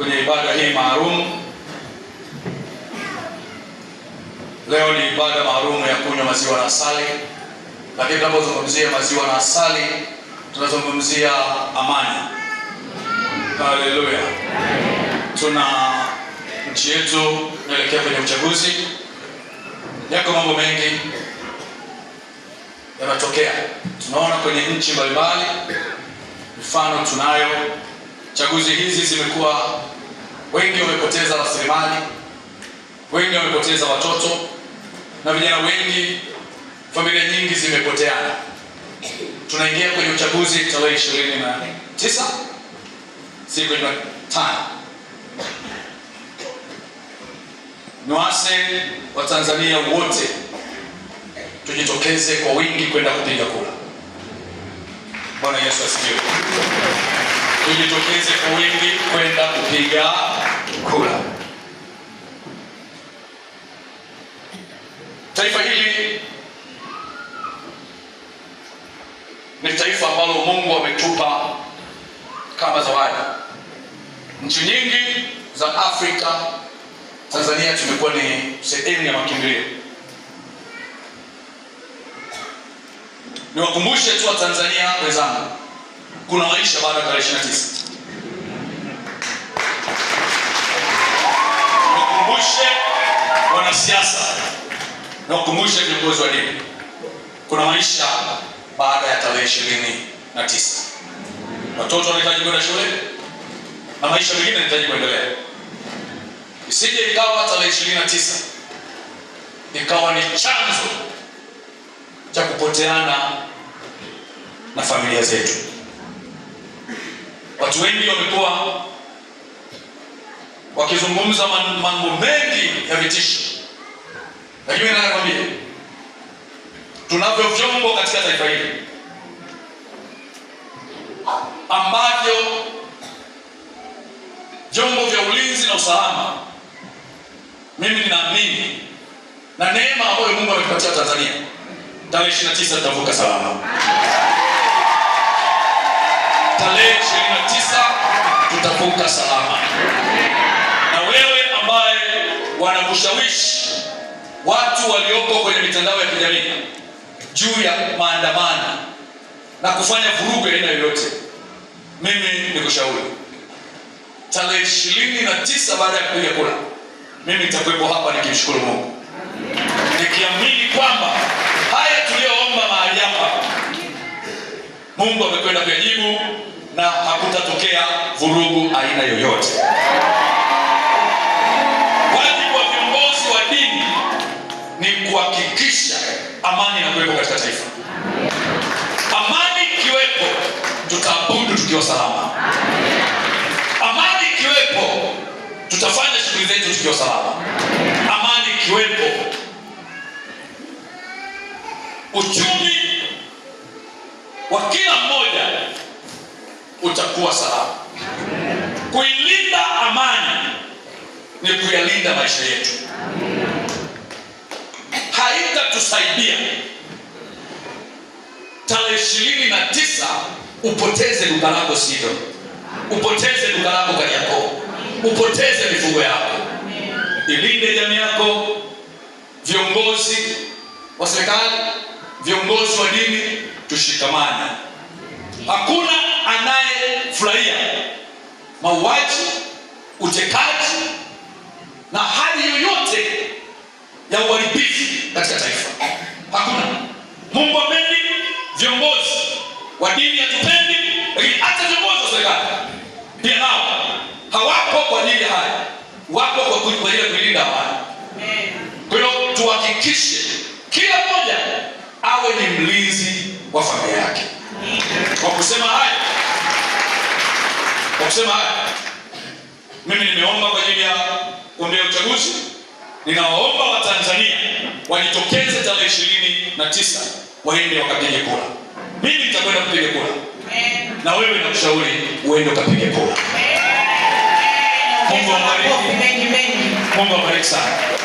kwenye ibada hii maalum. Leo ni ibada maalum ya kunywa maziwa na asali, lakini tunapozungumzia maziwa na asali tunazungumzia amani. Haleluya! Tuna nchi yetu naelekea kwenye uchaguzi, yako mambo mengi yanatokea, tunaona kwenye nchi mbalimbali. Mfano tunayo chaguzi hizi zimekuwa wengi wamepoteza rasilimali, wengi wamepoteza watoto na vijana wengi, familia nyingi zimepoteana. Tunaingia kwenye uchaguzi tarehe ishirini na tisa siku ya tano. Niwaase Watanzania wote tujitokeze kwa wingi kwenda kupiga kura. Bwana Yesu asifiwe. Tujitokeze kwa wingi kwenda kupiga kura. Taifa hili ni taifa ambalo Mungu ametupa kama zawadi. Nchi nyingi za Afrika, Tanzania tumekuwa ni sehemu ya makimbilio. Niwakumbushe tu Watanzania wenzangu, kuna maisha baada ya tarehe 29. wanasiasa na kukumbusha viongozi wa dini, kuna maisha baada ya tarehe ishirini na tisa. Watoto wanahitaji kwenda shule na maisha mengine yanahitaji kuendelea. Isije ikawa tarehe ishirini na tisa ikawa ni chanzo cha kupoteana na familia zetu. Watu wengi wamekuwa wakizungumza mambo mengi ya vitisho lakini nataka kwambie tunavyo vyombo katika taifa hili ambavyo vyombo vya ulinzi na usalama, mimi ninaamini na neema ambayo Mungu ametupatia Tanzania, tarehe 29 tutavuka salama. Tarehe 29 tutavuka salama, na wewe ambaye wanakushawishi watu walioko kwenye mitandao ya kijamii juu ya maandamano na kufanya vurugu ya aina yoyote, mimi nikushauri tarehe ishirini na tisa baada ya kupiga kura, mimi nitakuwepo hapa nikimshukuru Mungu nikiamini kwamba haya tuliyoomba mahali hapa Mungu amekwenda kuyajibu na hakutatokea vurugu aina yoyote. tutaabudu tukiwa salama. Amani ikiwepo, tutafanya shughuli zetu tukiwa salama. Amani ikiwepo, uchumi wa kila mmoja utakuwa salama. Kuilinda amani ni kuyalinda maisha yetu. Haitatusaidia tarehe ishirini na tisa upoteze duka lako, sivyo? Upoteze duka lako Kariakoo, upoteze mifugo yako. Ilinde jamii yako, viongozi wa serikali, viongozi wa dini, tushikamane. Hakuna anayefurahia mauaji, utekaji na hali yoyote ya uharibifu katika taifa, hakuna. Mungu apendi viongozi wa dini ya kitendi, lakini hata viongozi wa serikali pia nao hawapo kwa ajili haya, wapo kwa ajili kulinda amani. Kwa hiyo tuhakikishe kila mmoja awe ni mlinzi wa familia yake. Kwa kusema haya, kwa kusema haya, mimi nimeomba kwa ajili ya kuombea uchaguzi. Ninawaomba Watanzania wajitokeze tarehe ishirini na tisa waende wakapige kura. Mimi nitakwenda kupiga kura, na wewe nakushauri uende ukapiga kura. Mungu awabariki sana.